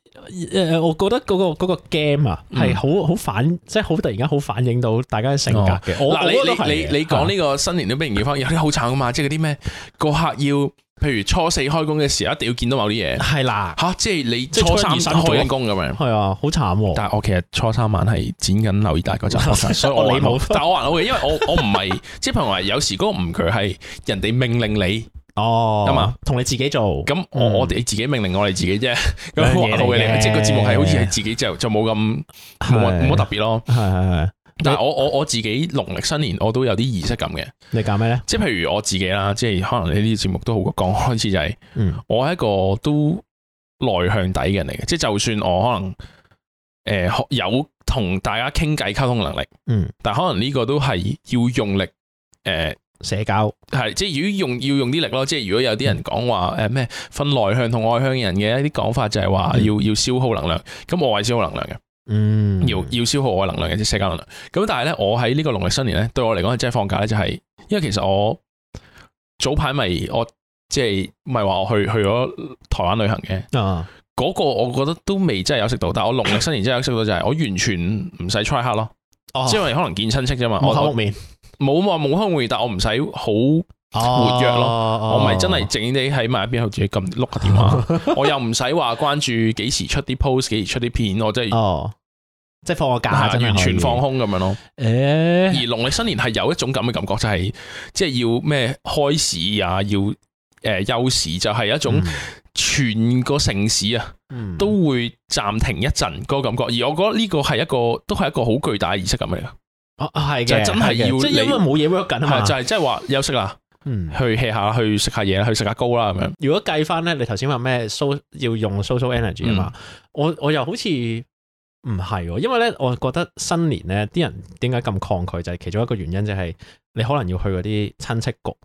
呃，我覺得嗰、那個、那個 game 啊，係好好反，即係好突然間好反映到大家嘅性格嘅、哦。我我覺得係，你你講呢個新年都俾人叫翻，有啲好慘㗎嘛， 即係嗰啲咩個客要。譬如初四開工嘅時候，一定要見到某啲嘢。係啦，吓即係你初三晚開工咁樣。係啊，好慘。但係我其實初三晚係剪緊留意帶嗰陣，所以我你冇。但我還好嘅，因為我我唔係即係，因為有時嗰個唔渠係人哋命令你哦，咁啊，同你自己做。咁我哋自己命令我哋自己啫。咁我還好嘅，即係個節目係好似係自己就就冇咁冇冇特別咯。係係係。但我我我自己農曆新年我都有啲儀式感嘅。你搞咩咧？即係譬如我自己啦，即係可能呢啲節目都好講。剛開始就係，嗯，我係一個都內向底嘅人嚟嘅。即係、嗯、就算我可能，誒，有同大家傾偈溝通能力，嗯，但可能呢個都係要用力，誒、呃，社交係。即係如果用要用啲力咯，即係如果有啲人講話誒咩分內向同外向嘅人嘅一啲講法就係話要、嗯、要消耗能量，咁我係消耗能量嘅。嗯，要要消耗我嘅能量嘅啲社交能量，咁但係咧，我喺呢個農曆新年咧，對我嚟講係真係放假咧，就是，就係因為其實我早排咪我即係唔係話我去去咗台灣旅行嘅，嗰，啊、個我覺得都未真係有食到，但係我農曆新年真係有食到就係我完全唔使 try 黑，咯，即係、啊、可能見親戚啫嘛，哦、我面冇冇冇開面，但我唔使好。活躍咯，哦、我咪真係整啲喺埋一邊，好似咁碌個電話。樣 我又唔使話關注幾時出啲 post，幾時出啲片。我，、就是哦就是、我真係，即係放個假，完全放空咁樣咯。誒、欸，而農曆新年係有一種咁嘅感覺，就係即係要咩開市啊，要誒、呃、休市，就係、是、一種全個城市啊、嗯、都會暫停一陣嗰個感覺。而我覺得呢個係一個都係一個好巨大嘅儀式感嚟噶。係、哦、真係要即係、就是、因為冇嘢 work 緊啊，就係即係話休息啦。嗯，去吃下去食下嘢去食下糕啦咁樣。如果計翻咧，你頭先話咩？so 要用 social energy 啊嘛。我我又好似唔係，因為咧，我覺得新年咧，啲人點解咁抗拒，就係、是、其中一個原因，就係你可能要去嗰啲親戚局。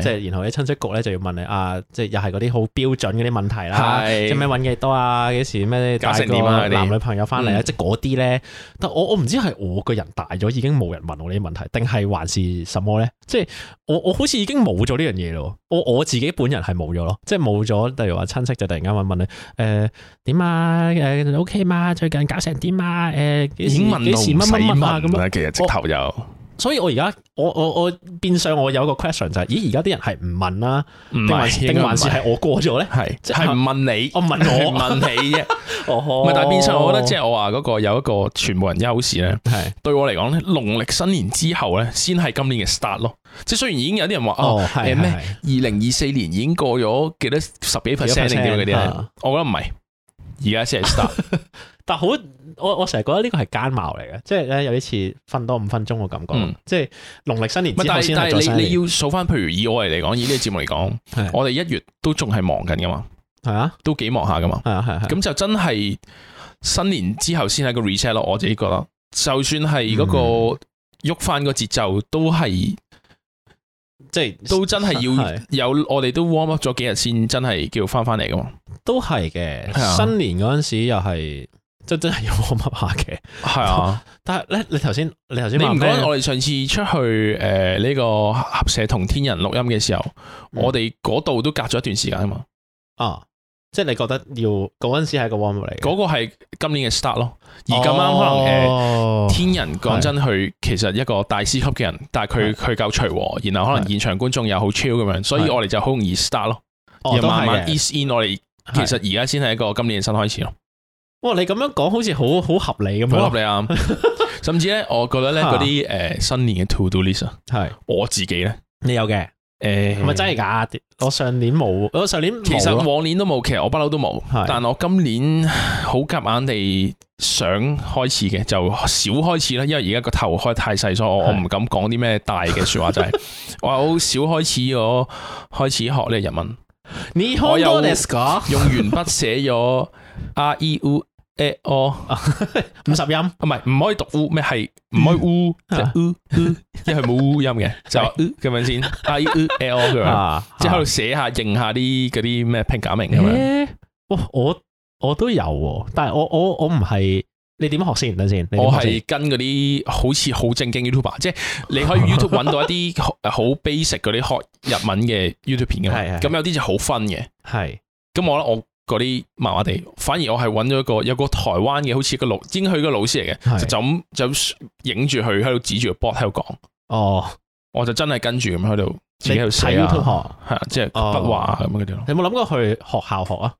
即係，是然後啲親戚局咧就要問你啊，即係又係嗰啲好標準嗰啲問題啦，是即係咩揾幾多啊？幾時咩帶個啊？男女朋友翻嚟啊？嗯、即係嗰啲咧，但我我唔知係我個人大咗已經冇人問我呢啲問題，定係還是什麼咧？即係我我好似已經冇咗呢樣嘢咯，我我自己本人係冇咗咯，即係冇咗。例如話親戚就突然間問問你誒點、呃、啊？誒、呃、OK 嘛？最近搞成點啊？誒、呃、幾時乜乜乜啊咁啊？其實直頭有。所以我而家我我我變相我有一個 question 就係，咦而家啲人係唔問啦？定還是係我過咗咧？係係唔問你？我問我問你啫。唔係但係變相我覺得即係我話嗰個有一個全部人優勢咧，係對我嚟講咧，農曆新年之後咧先係今年嘅 start 咯。即係雖然已經有啲人話哦，係咩二零二四年已經過咗幾多十幾 percent 點嗰啲我覺得唔係而家先係 start。但好，我我成日覺得呢個係奸茅嚟嘅，即係咧有啲似瞓多五分鐘嘅感覺，嗯、即係農曆新年之後先係做新年。但係你要數翻，譬如以我哋嚟講，以呢個節目嚟講，的我哋一月都仲係忙緊噶嘛，係啊的，都幾忙下噶嘛，係啊係，咁就真係新年之後先係個 reset 咯。我自己覺得，就算係嗰個喐翻個節奏，都係即係都真係要有，我哋都 warm up 咗幾日先真係叫翻翻嚟噶嘛。都係嘅，新年嗰陣時又係。真真係要我抹下嘅，係啊！但係咧，你頭先，你頭先你唔覺得，我哋上次出去誒呢個合社同天人錄音嘅時候，我哋嗰度都隔咗一段時間啊嘛。啊，即係你覺得要嗰陣時係一個 warm 嚟，嗰個係今年嘅 start 咯。而咁啱可能誒，天人講真，佢其實一個大師級嘅人，但係佢佢夠隨和，然後可能現場觀眾又好 chill 咁樣，所以我哋就好容易 start 咯。夜晚晚 is in 我哋，其實而家先係一個今年嘅新開始咯。哇！你咁樣講好似好好合理咁樣，好合理啊！ 甚至咧，我覺得咧嗰啲誒新年嘅 to do list 啊，係我自己咧，你有嘅誒，係咪、欸、真係噶是？我上年冇，我上年其實往年都冇，其實我不嬲都冇，是但我今年好夾硬地想開始嘅，就少開始啦。因為而家個頭開太細，所以我我唔敢講啲咩大嘅說話。 就係、是、我好少開始，我開始學呢個日文。你 我有用鉛筆寫咗 R E、U 哦，五十音，唔係唔可以讀烏咩？係唔可以烏，即係冇烏音嘅，就咁樣先。即係喺度寫下認下啲嗰啲咩拼假名咁樣。哇，我我都有，但係我我我唔係。你點樣學先？等先。我係跟嗰啲好似好正經 YouTuber，即係你可以 YouTube 搵到一啲好 basic 嗰啲學日文嘅 YouTube 片嘅。係咁有啲就好分嘅。係。咁我咧，我。嗰啲麻麻地，反而我係揾咗一個有一個台灣嘅，好似個老英佢個老師嚟嘅的，就咁就影住佢喺度指住個波喺度講。哦，我就真係跟住咁喺度自己喺度睇，u 係啊，即係筆畫咁啲咯。就是哦，有冇諗過去學校學啊？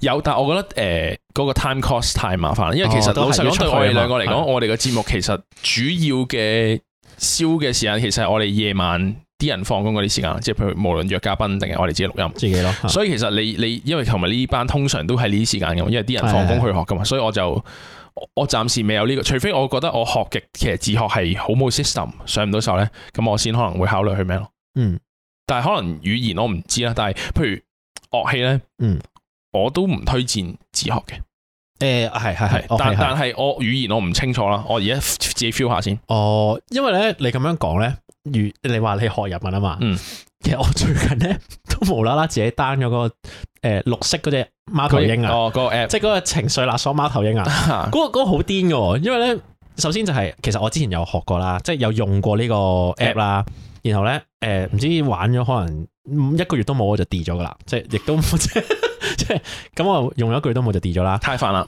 有，但係我覺得誒，嗰，呃那個 time cost 太麻煩啦。因為其實，哦，是老實講，對我哋兩個嚟講，我哋個節目其實主要嘅燒嘅時間，其實係我哋夜晚。啲人放工嗰啲時間，即係譬如無論約嘉賓定係我哋自己錄音，自己咯。所以其實你你因為琴日呢班通常都係呢啲時間嘅，因為啲人放工去學㗎嘛，是是是所以我就我暫時未有呢、呢個，除非我覺得我學極其實自學係好冇 system，上唔到手咧，咁我先可能會考慮去咩咯。嗯，但係可能語言我唔知啦，但係譬如樂器咧，嗯，我都唔推薦自學嘅。誒係係係，但是是是但係我語言我唔清楚啦。我而家自己 feel 下先。哦、嗯，嗯、因為咧你咁樣講咧。如你話你學日文啊嘛，嗯、其實我最近咧都無啦啦自己 down 咗個誒綠色嗰隻貓頭鷹啊，哦那個 app，即係嗰個情緒勒索貓頭鷹啊，嗰、啊那個、那個好癲嘅，因為咧首先就係、是、其實我之前有學過啦，即係有用過呢個 app 啦，APP 然後咧誒唔知玩咗可能一個月都冇我就 delete 咗噶啦，即係亦都 即係即係咁我用咗一個月都冇就 delete 咗啦，太煩啦。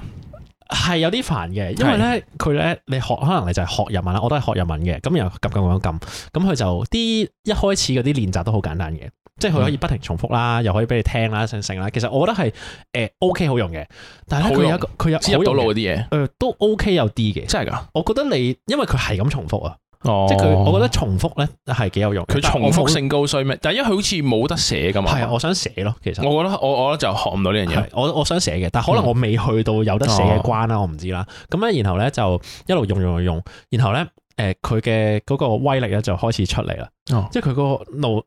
係有啲煩嘅，因為咧佢咧你學可能你就係學日文啦，的我都係學日文嘅，咁又撳撳咁撳，咁佢就啲一開始嗰啲練習都好簡單嘅，即係佢可以不停重複啦，嗯、又可以俾你聽啦，成成啦，其實我覺得係誒 OK 好用嘅，但係咧佢有一個佢用有知唔到路嗰啲嘢，誒、呃、都 O、OK、K 有啲嘅，真係噶，我覺得你因為佢係咁重複啊。哦，即係佢，我覺得重複咧係幾有用，佢重，重複性高衰咩？但係因為佢好似冇得寫咁嘛。係啊，我想寫咯，其實。我覺得我我咧就學唔到呢樣嘢，我我想寫嘅，但係可能我未去到有得寫嘅關、嗯、啦，我唔知啦。咁咧，然後咧就一路用用用，然後咧誒佢嘅嗰個威力咧就開始出嚟啦。哦，即係佢個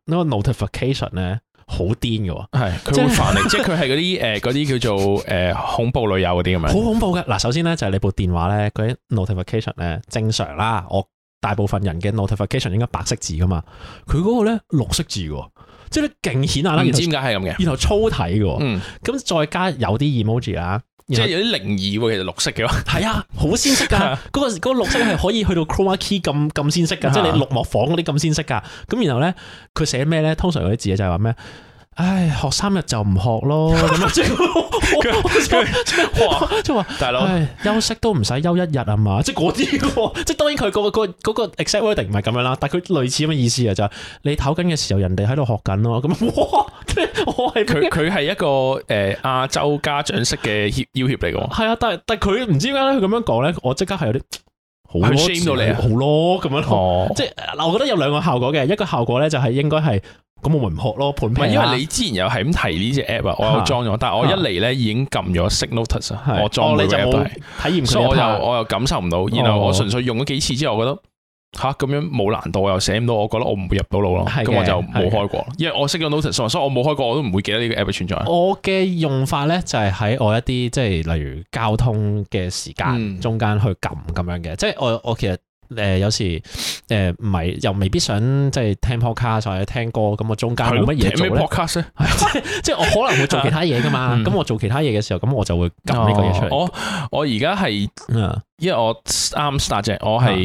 notification 咧好癲嘅。係，佢、嗯、會煩你，就是、 即係佢係嗰啲誒啲叫做誒、呃、恐怖女友嗰啲咁樣。好恐怖嘅，嗱，首先咧就係、是、你部電話咧嗰啲 notification 咧正常啦，我。大部分人嘅 notification 應該白色字噶嘛，佢嗰個咧綠色字喎，即係咧勁顯眼啦。唔知點解係咁嘅。然後粗體嘅，嗯，咁再加有啲 emoji 啊、嗯，後即係有啲靈異喎，其實綠色嘅，係后啊，好鮮色噶，嗰、啊那個嗰、那個、綠色係可以去到 chroma key 咁咁鮮色噶，啊、即係你綠幕房嗰啲咁鮮色噶，咁然後咧佢寫咩咧？通常嗰啲字就係話咩？唉，學三日就唔學咯，咁樣即係即即係話大佬哥，休息都唔使休一日係嘛，即係嗰啲，即係當然佢嗰個嗰個嗰個 expectation 唔係咁樣啦，但係佢類似咁嘅意思啊，就係你唞緊嘅時候，人哋喺度學緊咯，咁哇，即係我係佢，佢係一個誒亞洲家長式嘅要要挾嚟嘅，係 啊，但係但係佢唔知點解佢咁樣講咧，我即刻係有啲。去 shame 到你，好咯咁樣，哦、即係，我覺得有兩個效果嘅，一個效果咧就係應該係，咁我咪唔學咯，判唔係因為你之前又係咁提呢隻 app 啊，我裝咗，但係我一嚟咧已經撳咗息 notes 啊，我裝咗個 app 都係、啊，體驗，所以我又我又，我又感受唔到，然後我純粹用咗幾次之後，我覺得。吓咁、啊、樣冇難度，我又寫咁多，我覺得我唔會入到腦咯，咁我就冇開過，的因為我識咗 Notion，所以我冇開過我都唔會記得呢個 app 存在。我嘅用法咧就係喺我一啲即係例如交通嘅時間中間去撳咁、嗯、樣嘅，即係我我其實。誒、呃，有時誒唔係，又未必想即係聽 podcast 或者聽歌，咁我中間冇乜嘢做咧。聽咩 podcast？即係我可能會做其他嘢噶嘛。咁、 嗯、我做其他嘢嘅時候，咁我就會撳呢個嘢出嚟、哦。我我而家係因為我啱 start 啫，我係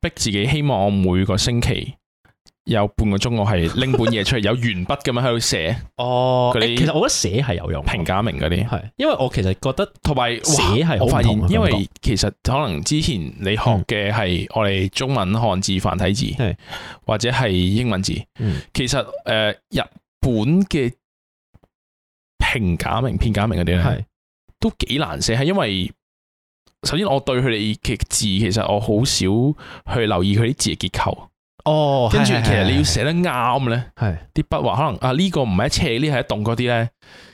逼自己希望我每個星期。有半個鐘，我係拎本嘢出嚟，有鉛筆咁樣喺度寫。哦，其實我覺得寫係有用。平假名嗰啲，係因為我其實覺得同埋寫係好唔同。因為其實可能之前你學嘅係我哋中文漢字繁體字，或者係英文字。其實誒日本嘅平假名、片假名嗰啲咧，係都幾難寫。係因為首先我對佢哋嘅字，其實我好少去留意佢啲字嘅結構。哦，跟住其實你要寫得啱咧，係啲筆畫可能啊呢個唔係一斜，呢係一棟嗰啲咧，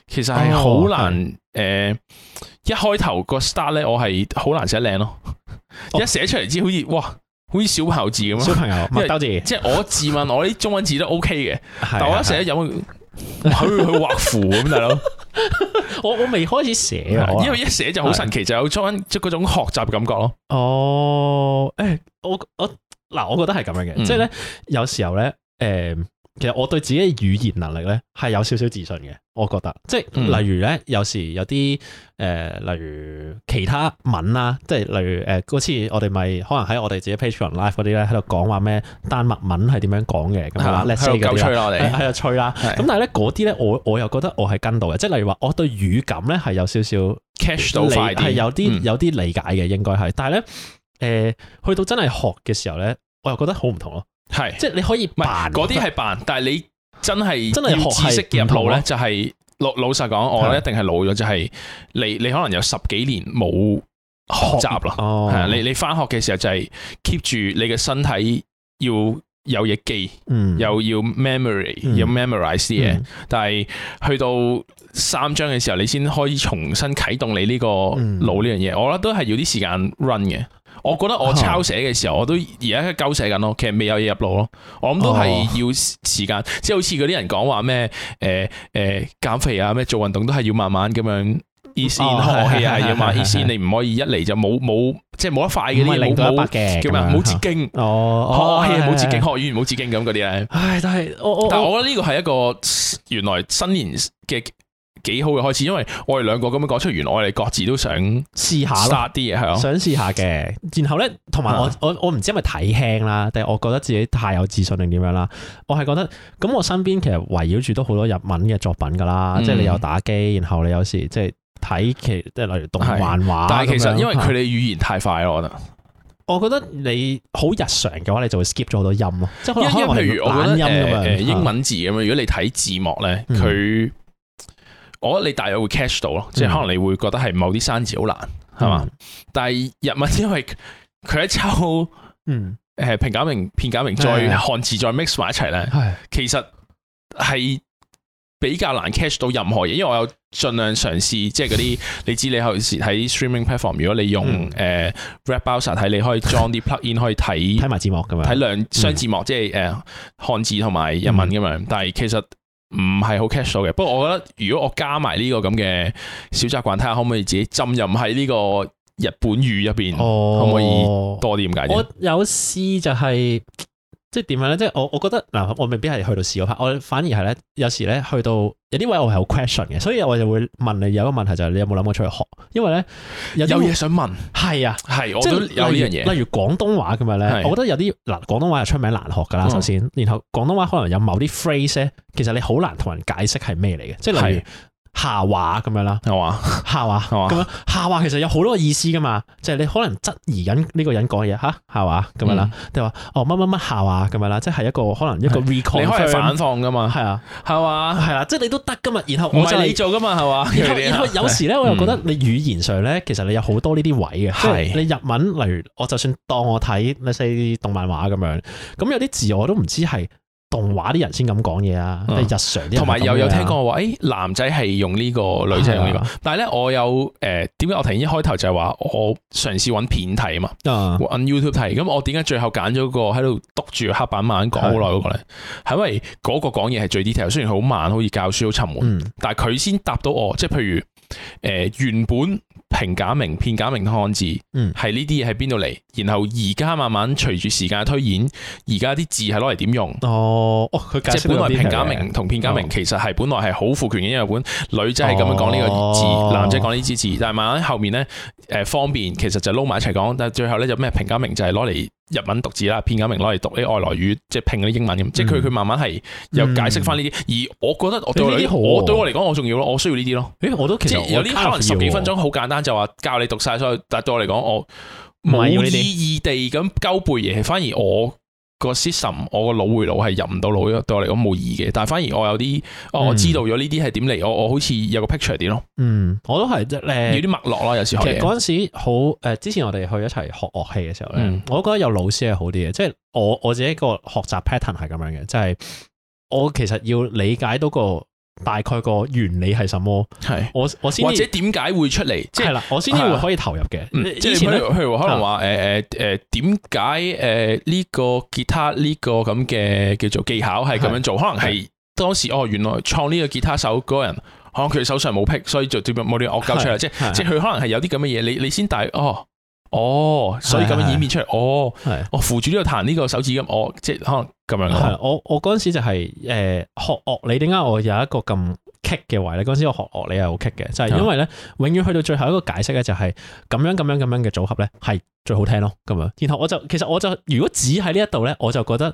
其實係好難。誒，一開頭個 star 咧，我係好難寫靚咯。一寫出嚟之，好似哇，好似小朋友字咁啊！小朋友，麥兜字即係我自問我啲中文字都 OK 嘅，但我一寫有去去畫符咁大佬，我我未開始寫啊，因為一寫就好神奇，就有中文即係嗰種學習感覺咯。哦，誒，我我。嗱，我覺得係咁樣嘅，即係咧，有時候咧，誒、呃，其實我對自己嘅語言能力咧係有少少自信嘅。我覺得，即、就、係、是、例如咧，有時有啲誒、呃，例如其他文啦、啊，即係例如誒，呃、次我哋咪可能喺我哋自己 Patreon Live 嗰啲咧，喺度講話咩丹麥文係點樣講嘅，咁啊吧，叻啲嘅嘢，係啊，吹啦、嗯，咁的但係咧嗰啲咧，我我又覺得我係跟到嘅，即、就、係、是、例如話，我對語感咧係有少少 catch 到快啲，係有啲、嗯、有啲理解嘅，應該係、嗯，但係咧。誒，去到真係學嘅時候咧，我又覺得好唔同咯。係是，即係你可以扮嗰啲係扮， 但係你真係真係學識嘅入腦咧，就係老老實講，我一定係老咗。就係你你可能有十幾年冇學習咯，係啊、哦。你你翻學嘅時候就係 keep 住你嘅身體要有嘢記，嗯、又要 memory、嗯、要 memorize 啲嘢。嗯、但係去到三章嘅時候，你先可以重新啟動你呢個腦呢樣嘢。嗯、我覺得都係要啲時間 run 嘅。我覺得我抄寫嘅時候，我都而家喺鳩寫緊咯，其實未有嘢入腦咯。我諗都係要時間，即係好似嗰啲人講話咩，誒誒，減肥啊，咩做運動都係要慢慢咁樣嚟先學氣啊，要慢嚟先。你唔可以一嚟就冇冇，即係冇得快嗰啲冇冇叫咩冇捷徑，學氣冇捷徑，學語唔好捷徑咁嗰啲咧。唉，但係但係我覺得呢個係一個原來新年嘅。幾好嘅開始，因為我哋兩個咁樣講出來原來，我哋各自都想試下，啲嘢係想試下嘅。然後咧，同埋我 我我唔知係咪睇輕啦，但係我覺得自己太有自信定點樣啦？我係覺得咁，我身邊其實圍繞住都好多日文嘅作品噶啦，嗯、即係你有打機，然後你有時即係睇其，即係例如動漫畫、嗯。但係其實因為佢哋語言太快咯，我覺得。我覺得你好日常嘅話，你就會 skip 咗好多音咯。即係，因為譬如玩音咁樣、呃、英文字咁樣，如果你睇字幕咧，佢、嗯。嗯嗯我覺得你大約會 catch 到咯，即係可能你會覺得係某啲生字好難，係嘛、嗯？但係日文因為佢一抽，嗯，誒平假名、片假名再漢字再 mix 埋一齊咧，係其實係比較難 catch 到任何嘢。因為我有盡量嘗試，即係嗰啲你知你後時睇 streaming platform，如果你用誒、嗯呃、r a p Browser 睇，你可以裝啲 plug in 可以睇睇埋字幕噉樣，睇兩雙字幕，嗯、即係誒漢字同埋日文噉樣、嗯。但係其實。唔係好 casual 嘅，不過我覺得如果我加埋呢個咁嘅小習慣，睇下可唔可以自己浸入喺呢個日本語入邊，哦、可唔可以多啲咁解？我有試就係、是。即係點樣咧？即係我，我覺得嗱、啊，我未必係去到試嗰 part，我反而係咧，有時咧去到有啲位我係好 question 嘅，所以我就會問你有一個問題，就係你有冇諗過出去學？因為咧有有嘢想問，係啊，係、啊，即係有呢樣嘢。例如廣東話咁樣咧，啊、我覺得有啲嗱，廣、啊、東話係出名難學噶啦，首先，然後廣東話可能有某啲 phrase 咧，其實你好難同人解釋係咩嚟嘅，即係例如。下話咁樣啦，下話下話咁樣下話，其實有好多意思噶嘛，即係你可能質疑緊呢個人講嘢吓，下話咁樣啦，即係話哦乜乜乜下話咁樣啦，即係一個可能一個 record，你可以反放噶嘛，係啊，下話係啦，即係你都得噶嘛，然後我就你做噶嘛，係嘛，然後然後有時咧我又覺得你語言上咧，其實你有好多呢啲位嘅，係你日文例如我就算當我睇呢啲動漫畫咁樣，咁有啲字我都唔知係。動畫啲人先咁講嘢啊，嗯、即係日常啲同埋又有聽過話，誒、哎、男仔係用呢、呢個，女仔用呢、呢個。的但係咧，我有誒，點、呃、解我停？一開頭就係話我嘗試揾片睇啊嘛，揾 YouTube 睇。咁我點解最後揀咗個喺度督住黑板慢講好耐嗰個咧？係因為嗰個講嘢係最 detail，雖然好慢，好似教書好沉悶，嗯、但係佢先答到我。即係譬如誒、呃，原本。平假名、片假名、漢字，嗯，係呢啲嘢喺邊度嚟？然後而家慢慢隨住時間嘅推演，而家啲字係攞嚟點用？哦，哦，即係本來平假名同片假名、哦、其實係本來係好負權嘅，因為本女仔係咁樣講呢個字，哦、男仔講呢啲字，但係慢慢後面咧，誒，方便其實就撈埋一齊講，但係最後咧就咩平假名就係攞嚟。日文讀字啦，片假名攞嚟讀啲外來語，即係拼嗰啲英文咁。嗯、即係佢佢慢慢係又解釋翻呢啲。嗯、而我覺得我對我、啊、我對我嚟講，我重要咯，我需要呢啲咯。誒、欸，我都其實有啲可能十幾分鐘好簡單，就話教你讀晒，所以但係對我嚟講，我冇意義地咁鳩背嘢，些反而我。個 system，我個腦回路係入唔到腦咯，對我嚟講冇意義嘅。但係反而我有啲，我、哦、知道咗呢啲係點嚟，我、嗯、我好似有個 picture 點咯。嗯，我都係，誒、呃，有啲脈絡咯，有時學嘅。嗰陣時好，誒、呃，之前我哋去一齊學樂器嘅時候咧，嗯、我都覺得有老師係好啲嘅。即係我我自己個學習 pattern 係咁樣嘅，即係我其實要理解到個。大概個原理係什麼？係是我我才先或者點解會出嚟？係啦，我先會可以投入嘅。譬、嗯、如咧係可能話誒誒誒，點解誒呢個吉他呢、這個咁嘅叫做技巧係咁樣做？的可能係當時哦，原來創呢個吉他手嗰個人，哦，佢手上冇癖，所以就直接冇啲惡教出嚟的的。即係即係佢可能係有啲咁嘅嘢，你你先大哦。哦，所以咁樣演變出嚟，的哦，我的、哦、扶住呢個彈呢個手指咁，哦，即係可能咁樣。我我嗰陣時就係、是、誒、呃、學樂理，點解我有一個咁棘嘅位咧，嗰陣時我學樂理係好棘嘅，就係、是、因為咧，永遠去到最後一個解釋咧、就是，就係咁樣咁樣咁樣嘅組合咧，係最好聽咯咁樣。然後我就其實我就如果只喺呢一度咧，我就覺得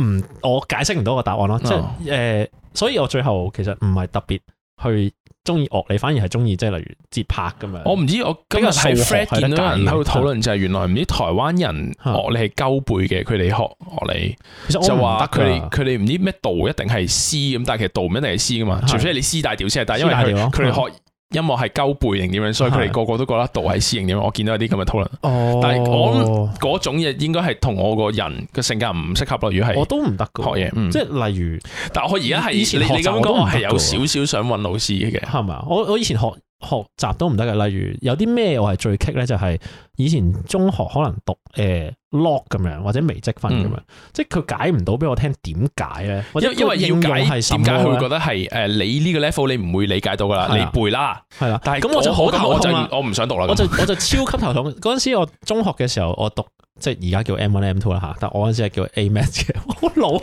唔我解釋唔到個答案咯，哦、即係誒、呃，所以我最後其實唔係特別去。中意樂理，反而係中意即係例如節拍咁樣。我唔知我今日係 friend 見到人喺度討論，就係的原來唔知台灣人樂理係鳩背嘅，佢哋的學樂理其實我就話得佢哋，佢哋唔知咩道，道一定係 C 咁，但係其實道唔一定係 C 㗎嘛，除非係你 C 大調先，但係因為佢佢哋學。的音樂係勾背型點樣，所以佢哋個個都覺得道係私型點樣。的我見到有啲咁嘅討論。哦、oh.，但係我嗰種嘢應該係同我個人嘅性格唔適合咯。如果係我都唔得嘅學嘢，嗯、即係例如，但我而家係以前以你你咁樣講，我有少少想搵老師嘅，係咪？我我以前學。學習都唔得嘅，例如有啲咩我係最棘咧，就係、是、以前中學可能讀誒、呃、lock 咁樣或者微積分咁樣，嗯、即係佢解唔到俾我聽點解咧？呢因為要解點解，佢會覺得係誒你呢個 level 你唔會理解到噶啦，啊、你背啦係啦。但係咁我就好我頭痛、啊、我唔想讀啦，我就我就超級頭痛。嗰陣 時我中學嘅時候我讀。即係而家叫 M 一咧 M 二啦吓，但我嗰陣時係叫 A Max 嘅，好老，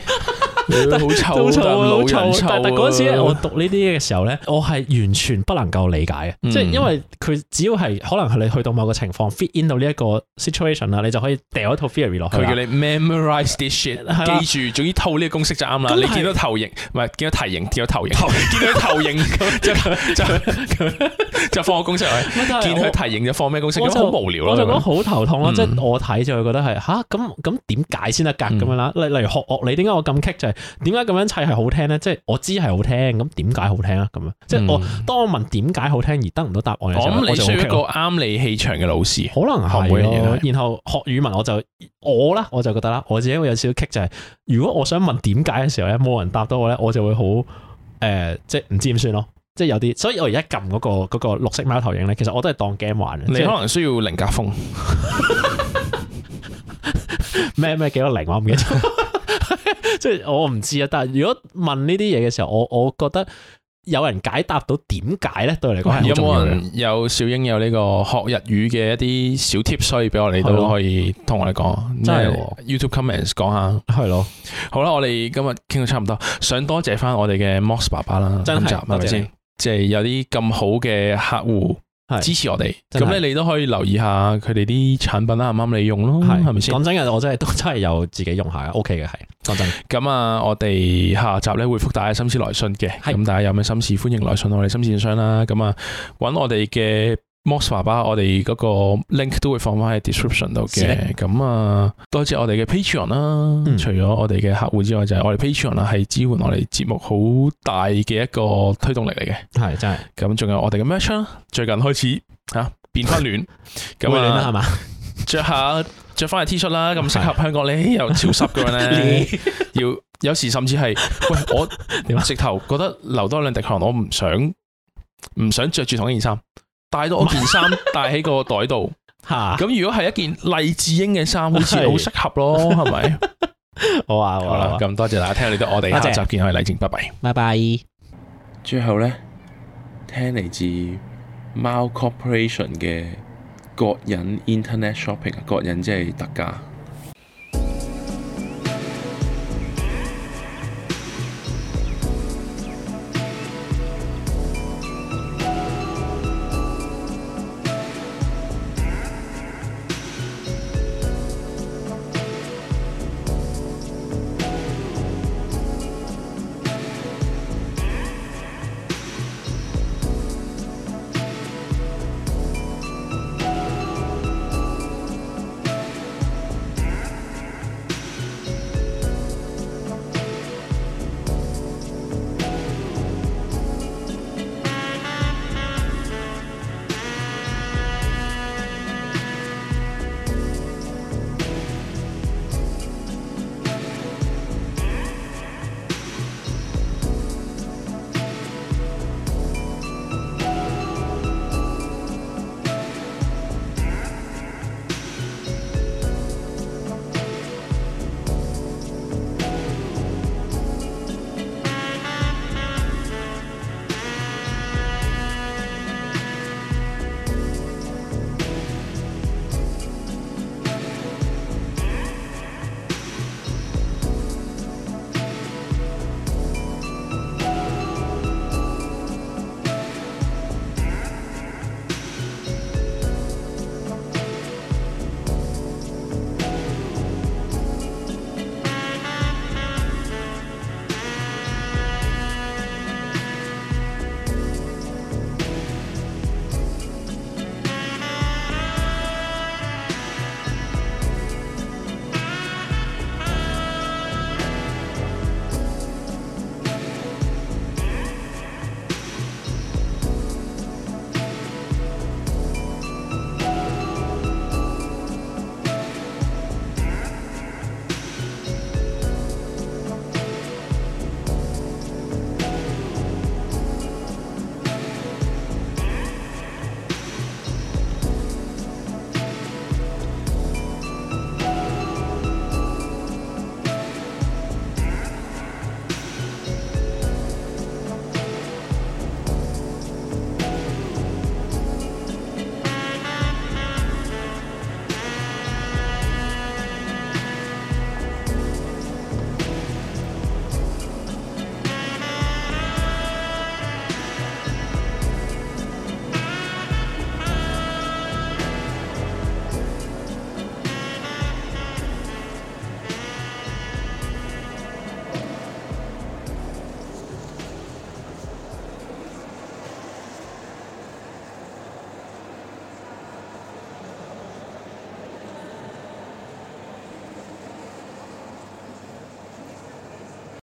好臭，好老。但嗰陣時我讀呢啲嘅時候咧，我係完全不能夠理解嘅，即係因為佢只要係可能係你去到某個情況 fit in 到呢一個 situation 啦，你就可以掉一套 theory 落去，叫你 memorize 啲 shit，記住，總之套呢個公式就啱啦。你見到投影，唔係見到題型，見到投影，見到投影就就就放個公式落去，見到題型就放咩公式，好無聊，我就覺得好頭痛咯，即係我睇就。覺得係吓咁咁點解先得㗎咁樣啦？例如學樂你點解我咁激？就係點解咁樣砌係好聽咧？即係我知係好聽，咁點解好聽啊？咁樣即係、嗯、我當我問點解好聽而得唔到答案嘅時候，我就好激。你需要個啱你氣場嘅老師，可能係咯。然後學語文我，我就我咧，我就覺得啦，我自己會有少少激。就係如果我想問點解嘅時候咧，冇人答到我咧，我就會好誒、呃，即係唔知點算咯，即係有啲。所以我而家撳嗰個嗰、嗰個綠色貓頭鷹咧，其實我都係當 game 玩嘅。你可能需要靈格風。 咩咩幾多零我唔記得，即係 我唔知啊。但係如果問呢啲嘢嘅時候，我我覺得有人解答到點解咧，對我嚟講係。有冇人有，有小英有呢個學日語嘅一啲小 tips 所以俾我哋咯都可以同我哋講，即係 YouTube comments 講下係咯。咯好啦，我哋今日傾到差唔多，想多謝翻我哋嘅 Mox 爸爸啦，真係係咪先？集即係有啲咁好嘅客戶。支持我哋，咁咧你都可以留意下佢哋啲產品啦，啱唔啱你用咯，係咪先？講吧真嘅，我真係都真係有自己用下，OK 嘅係。講真，咁啊，我哋下集咧會複大家心事來信嘅，咁的大家有咩心事歡迎來信我哋心線商啦，咁啊揾我哋嘅，Mox 爸爸，我哋嗰個 link 都會放翻喺 description 度嘅。咁啊嗎，多謝我哋嘅 Patreon 啦。嗯、除咗我哋嘅客戶之外，就係、是、我哋 Patreon 啦，係支援我哋節目好大嘅一個推動力嚟嘅。係真係。咁仲有我哋嘅 Merch 啦，最近開始吓變翻暖，咁暖啦係嘛？着下着翻嘅 T 恤啦，咁適合香港咧，又 潮濕嘅咧， 你 要有時甚至係我 直頭覺得留多兩滴汗，我唔想唔想着住同一件衫。帶到我件衫，帶喺個袋度，吓咁。如果係一件勵志鷹嘅衫，好似好適合咯，係咪 吧、啊？好啊，好啦、啊，咁、啊啊、多謝大家聽嚟到我哋下集見，係勵志鷹，拜拜，拜拜 bye。最後呢，聽嚟自貓 corporation 嘅割引 internet shopping，割引即係特價。